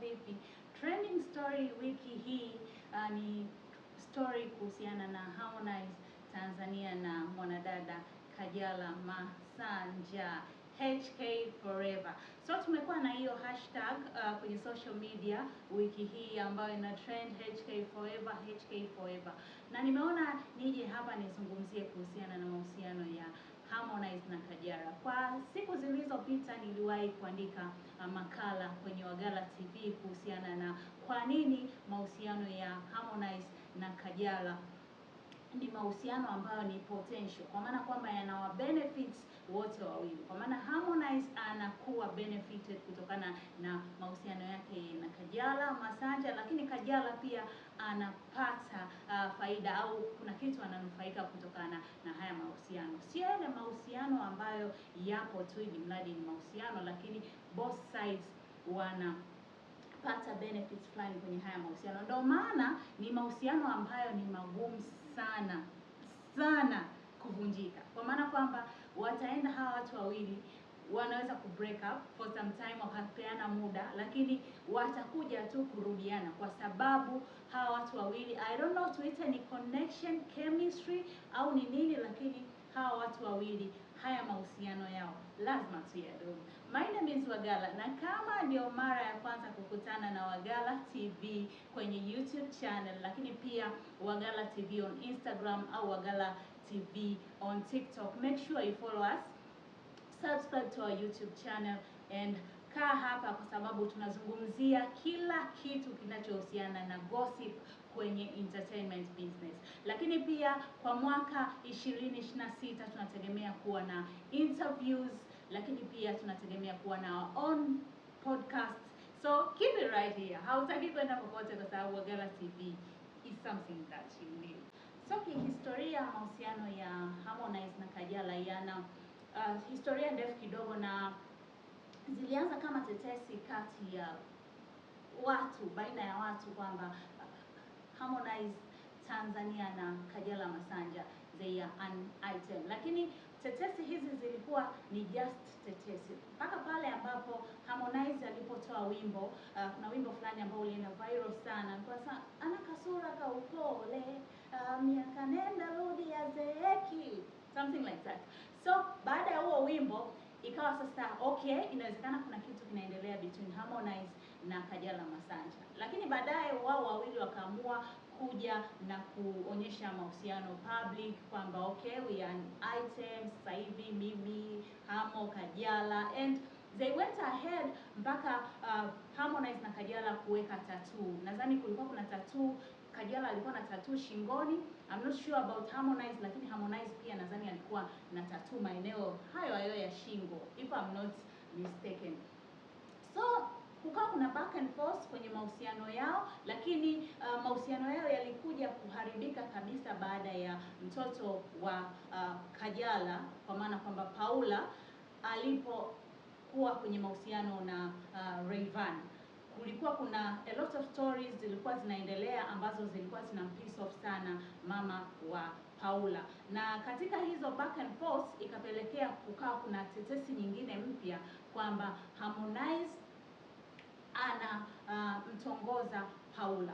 vipi. Trending story wiki hii uh, ni story kuhusiana na Harmonize Tanzania na mwanadada Kajala Masanja HK Forever. So tumekuwa na hiyo hashtag uh, kwenye social media wiki hii ambayo ina trend HK Forever, HK Forever, na nimeona nije hapa nizungumzie kuhusiana na mahusiano ya Harmonize na Kajala. Kwa siku zilizopita niliwahi kuandika uh, makala kwenye Wagala TV kuhusiana na kwa nini mahusiano ya Harmonize na Kajala ni mahusiano ambayo ni potential, kwa maana kwamba yanawa benefits wote wawili, kwa maana Harmonize anakuwa benefited kutokana na mahusiano yake na Kajala Masanja, lakini Kajala pia anapata uh, faida au kuna kitu ananufaika kutokana na haya mahusiano, sio yale mahusiano ambayo yapo tu ili mradi ni mahusiano, lakini both sides wana pata benefits fulani kwenye haya mahusiano. Ndio maana ni mahusiano ambayo ni magumu sana sana kuvunjika, kwa maana kwamba wataenda hawa watu wawili wanaweza ku break up for some time, wakapeana muda, lakini watakuja tu kurudiana, kwa sababu hawa watu wawili I don't know tuite ni connection chemistry au nini hawa watu wawili haya mahusiano yao lazima tuyadumu. My name is Wagala na kama ndio mara ya kwanza kukutana na Wagala TV kwenye YouTube channel, lakini pia Wagala TV on Instagram au Wagala TV on TikTok, make sure you follow us, subscribe to our YouTube channel and Nimekaa hapa kwa sababu tunazungumzia kila kitu kinachohusiana na gossip kwenye entertainment business, lakini pia kwa mwaka 2026 tunategemea kuwa na interviews, lakini pia tunategemea kuwa na own podcast. So keep it right here, hautaki kwenda popote kwa sababu Wagala TV is something that you need. So kihistoria, mahusiano ya Harmonize na Kajala yana uh, historia ndefu kidogo na zilianza kama tetesi kati ya watu baina ya watu kwamba uh, Harmonize Tanzania na Kajala Masanja they are an item, lakini tetesi hizi zilikuwa ni just tetesi mpaka pale ambapo Harmonize alipotoa wimbo uh, kuna wimbo fulani ambao ulienda viral sana, kwa sana ana kasura ka upole uh, miaka nenda rudi ya zeeki something like that. So baada ya huo wimbo ikawa sasa okay, inawezekana kuna kitu kinaendelea between Harmonize na Kajala Masanja, lakini baadaye wao wawili wakaamua kuja na kuonyesha mahusiano public kwamba okay, we are an item sasa hivi, mimi Hamo Kajala and they went ahead mpaka uh, Harmonize na Kajala kuweka tattoo. Nadhani kulikuwa kuna tattoo Kajala alikuwa na tattoo shingoni. I'm not sure about Harmonize, lakini Harmonize pia nadhani alikuwa na tattoo maeneo hayo hayo ya shingo if I'm not mistaken. So kukawa kuna back and forth kwenye mahusiano yao, lakini uh, mahusiano yao yalikuja kuharibika kabisa baada ya mtoto wa uh, Kajala, kwa maana kwamba Paula alipokuwa kwenye mahusiano na uh, Rayvanny kulikuwa kuna a lot of stories zilikuwa zinaendelea ambazo zilikuwa zina piss off sana mama wa Paula, na katika hizo back and forth ikapelekea kukawa kuna tetesi nyingine mpya kwamba Harmonize ana uh, mtongoza Paula.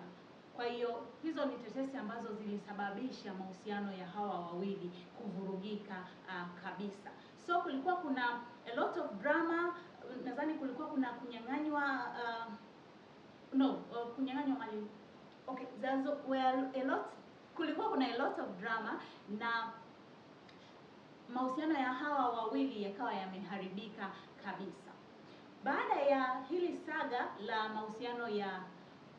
Kwa hiyo hizo ni tetesi ambazo zilisababisha mahusiano ya hawa wawili kuvurugika uh, kabisa. So kulikuwa kuna a lot of drama, nadhani kulikuwa kuna kunyang'anywa uh, no uh, kunyang'anywa mali okay there well a lot kulikuwa kuna a lot of drama na mahusiano ya hawa wawili yakawa yameharibika kabisa baada ya hili saga la mahusiano ya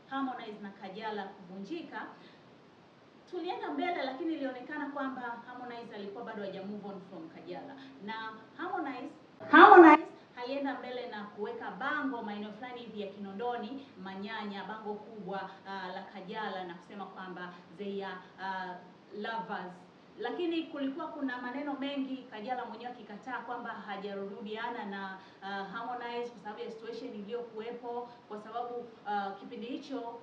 Harmonize na Kajala kuvunjika tulienda mbele lakini ilionekana kwamba Harmonize alikuwa bado haja move on from Kajala na Harmonize Harmonize alienda mbele na kuweka bango maeneo fulani hivi ya Kinondoni, Manyanya, bango kubwa uh, la Kajala na kusema kwamba they are uh, lovers lakini kulikuwa kuna maneno mengi Kajala mwenyewe akikataa kwamba hajarudiana na uh, Harmonize kwa sababu ya situation iliyokuwepo, kwa sababu uh, kipindi hicho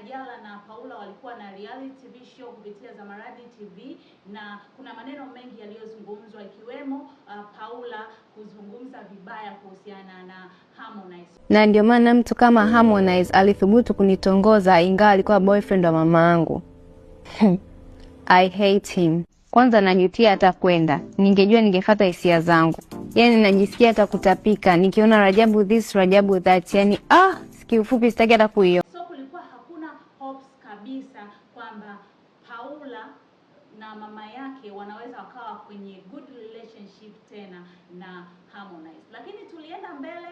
Kajala na Paula walikuwa na reality TV show kupitia Zamaradi TV, na kuna maneno mengi yaliyozungumzwa ikiwemo uh, Paula kuzungumza vibaya kuhusiana na Harmonize, na ndio maana mtu kama Harmonize alithubutu kunitongoza ingawa alikuwa boyfriend wa mama mamaangu. I hate him. Kwanza najutia hata kwenda, ningejua ningefuata hisia zangu. Yani najisikia hata kutapika nikiona Rajabu this Rajabu that, yani ah, kiufupi sitaki hata kuio mama yake wanaweza wakawa kwenye good relationship tena na Harmonize. Lakini tulienda mbele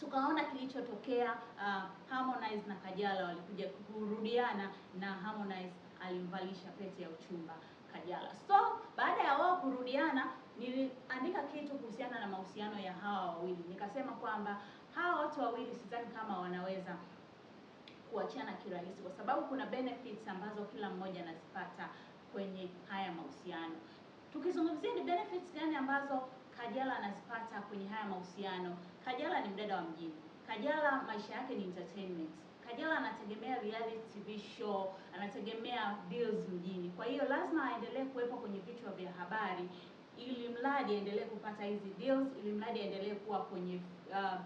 tukaona kilichotokea. Uh, Harmonize na Kajala walikuja kurudiana na Harmonize alimvalisha pete ya uchumba Kajala. So baada ya wao kurudiana, niliandika kitu kuhusiana na mahusiano ya hawa wawili, nikasema kwamba hawa watu wawili sidhani kama wanaweza kuachana kirahisi, kwa sababu kuna benefits ambazo kila mmoja anazipata kwenye haya mahusiano. Tukizungumzia ni benefits gani ambazo Kajala anazipata kwenye haya mahusiano, Kajala ni mdada wa mjini, Kajala maisha yake ni entertainment. Kajala anategemea reality TV show, anategemea deals mjini. Kwa hiyo lazima aendelee kuwepo kwenye vichwa vya habari ili mradi aendelee kupata hizi deals, ili mradi aendelee kuwa kwenye uh,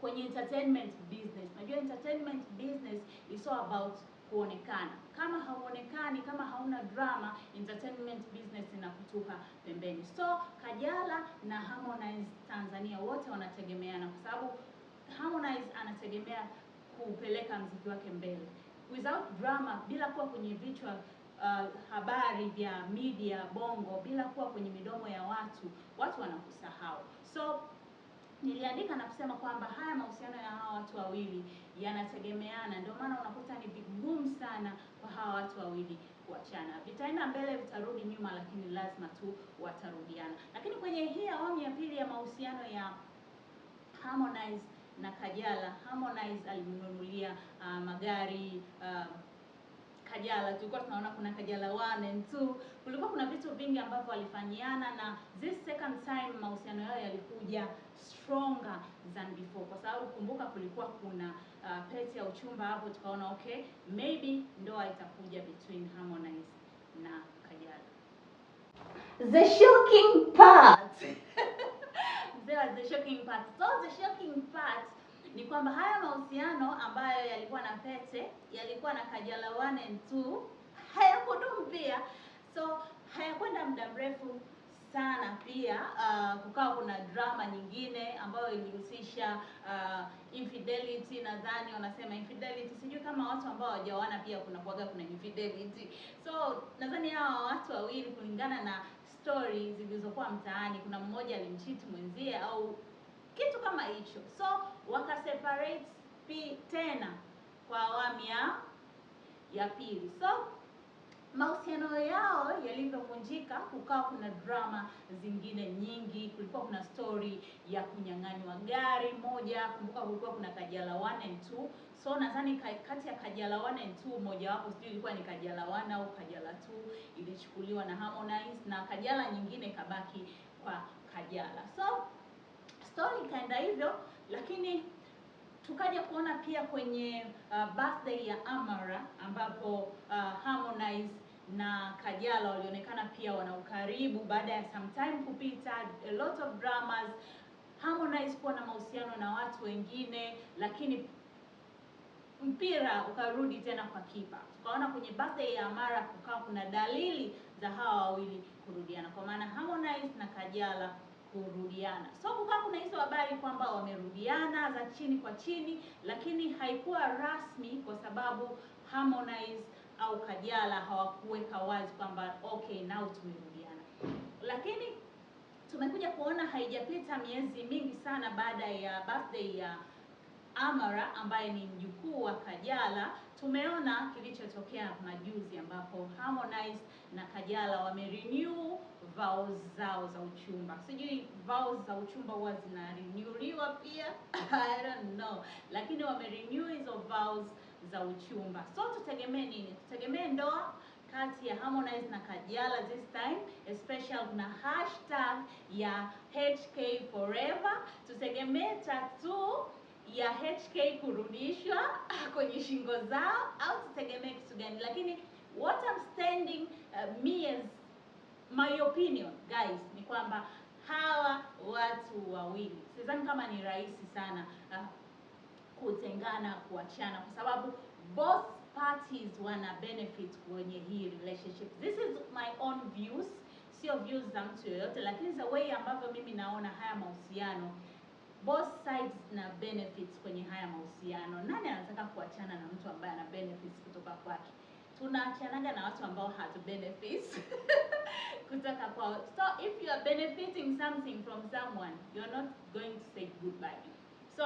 kwenye entertainment business. Unajua entertainment business is all about kuonekana. Kama hauonekani, kama hauna drama, entertainment business inakutupa pembeni. So Kajala na Harmonize Tanzania wote wanategemeana kwa sababu Harmonize anategemea kupeleka mziki wake mbele without drama, bila kuwa kwenye vichwa uh, habari vya media Bongo, bila kuwa kwenye midomo ya watu, watu wanakusahau so niliandika na kusema kwamba haya mahusiano ya hawa watu wawili yanategemeana, ndio maana unakuta ni vigumu sana kwa hawa watu wawili kuachana. Vitaenda mbele, vitarudi nyuma, lakini lazima tu watarudiana. Lakini kwenye hii awamu ya pili ya mahusiano ya Harmonize na Kajala, Harmonize alimnunulia uh, ah, magari uh, Kajala, tulikuwa tunaona kuna Kajala 1 and 2, kulikuwa kuna vitu vingi ambavyo walifanyiana, na this second time mahusiano yao yalikuja stronger than before, kwa sababu kumbuka kulikuwa kuna uh, pete ya uchumba hapo, tukaona okay, maybe ndoa itakuja between Harmonize na Kajala. The shocking part. There was the shocking part. So the shocking part ni kwamba haya mahusiano ambayo yalikuwa na pete, yalikuwa na Kajala 1 and 2 hayakudumu pia, so hayakwenda muda mrefu sana pia. Uh, kukawa kuna drama nyingine ambayo ilihusisha uh, infidelity, nadhani wanasema infidelity, sijui kama watu ambao hawajaoana pia kuna kuaga kuna infidelity. So nadhani hawa watu wawili kulingana na story zilizokuwa mtaani, kuna mmoja alimchiti mwenzie au kama hicho. So wakaseparate P tena kwa awamu ya ya pili. So mahusiano yao yalivyovunjika, kukawa kuna drama zingine nyingi. Kulikuwa kuna story ya kunyang'anywa gari moja. Kumbuka kulikuwa kuna Kajala 1 and 2. So nadhani kati ya Kajala 1 and 2 wapo, sijui ilikuwa ni Kajala 1 au Kajala 2, ilichukuliwa na Harmonize na Kajala nyingine kabaki kwa Kajala so story ikaenda hivyo, lakini tukaja kuona pia kwenye uh, birthday ya Amara ambapo uh, Harmonize na Kajala walionekana pia wana ukaribu baada ya time kupita, a lot of dramas, Harmonize kuwa na mahusiano na watu wengine, lakini mpira ukarudi tena kwa kipa. Tukaona kwenye birthday ya Amara kukawa kuna dalili za hawa wawili kurudiana, kwa maana Harmonize na Kajala kurudiana. So kukaa kuna hizo habari kwamba wamerudiana za chini kwa chini, lakini haikuwa rasmi kwa sababu Harmonize au Kajala hawakuweka wazi kwamba okay, nao tumerudiana, lakini tumekuja kuona haijapita miezi mingi sana baada ya birthday ya Amara ambaye ni mjukuu wa Kajala, tumeona kilichotokea majuzi ambapo Harmonize na Kajala wamerenew vows zao za uchumba. Sijui vows za uchumba huwa zinarenewliwa pia I don't know, lakini wamerenew hizo vows za uchumba. So tutegemee nini? Tutegemee ndoa kati ya Harmonize na Kajala this time, especially kuna hashtag ya HK forever. Tutegemee tattoo ya HK kurudishwa kwenye shingo zao au tutegemee kitu gani? Lakini what I'm standing uh, me as my opinion guys ni kwamba hawa watu wawili sidhani kama ni rahisi sana uh, kutengana, kuachana kwa sababu both parties wana benefit kwenye hii relationship. This is my own views, sio views za mtu yoyote, lakini the way ambavyo mimi naona haya mahusiano both sides na benefits kwenye haya mahusiano. Nani anataka kuachana na mtu ambaye ana benefits kutoka kwake? Tunaachanaga na watu ambao hatu benefits kutoka kwao. So if you are benefiting something from someone, you are not going to say goodbye. So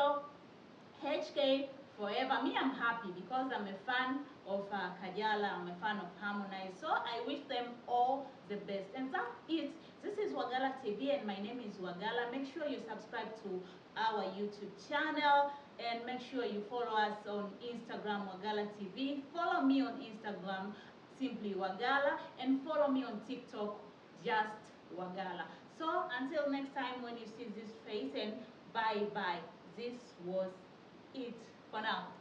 HK forever. Me, I'm happy because I'm a fan of uh, Kajala. I'm a fan of Harmonize. So I wish them all the best. And that's it. This is Wagala TV and my name is Wagala. Make sure you subscribe to our YouTube channel. And make sure you follow us on Instagram, Wagala TV. Follow me on Instagram, simply Wagala. And follow me on TikTok, just Wagala. So until next time when you see this face and bye-bye. This was it for now.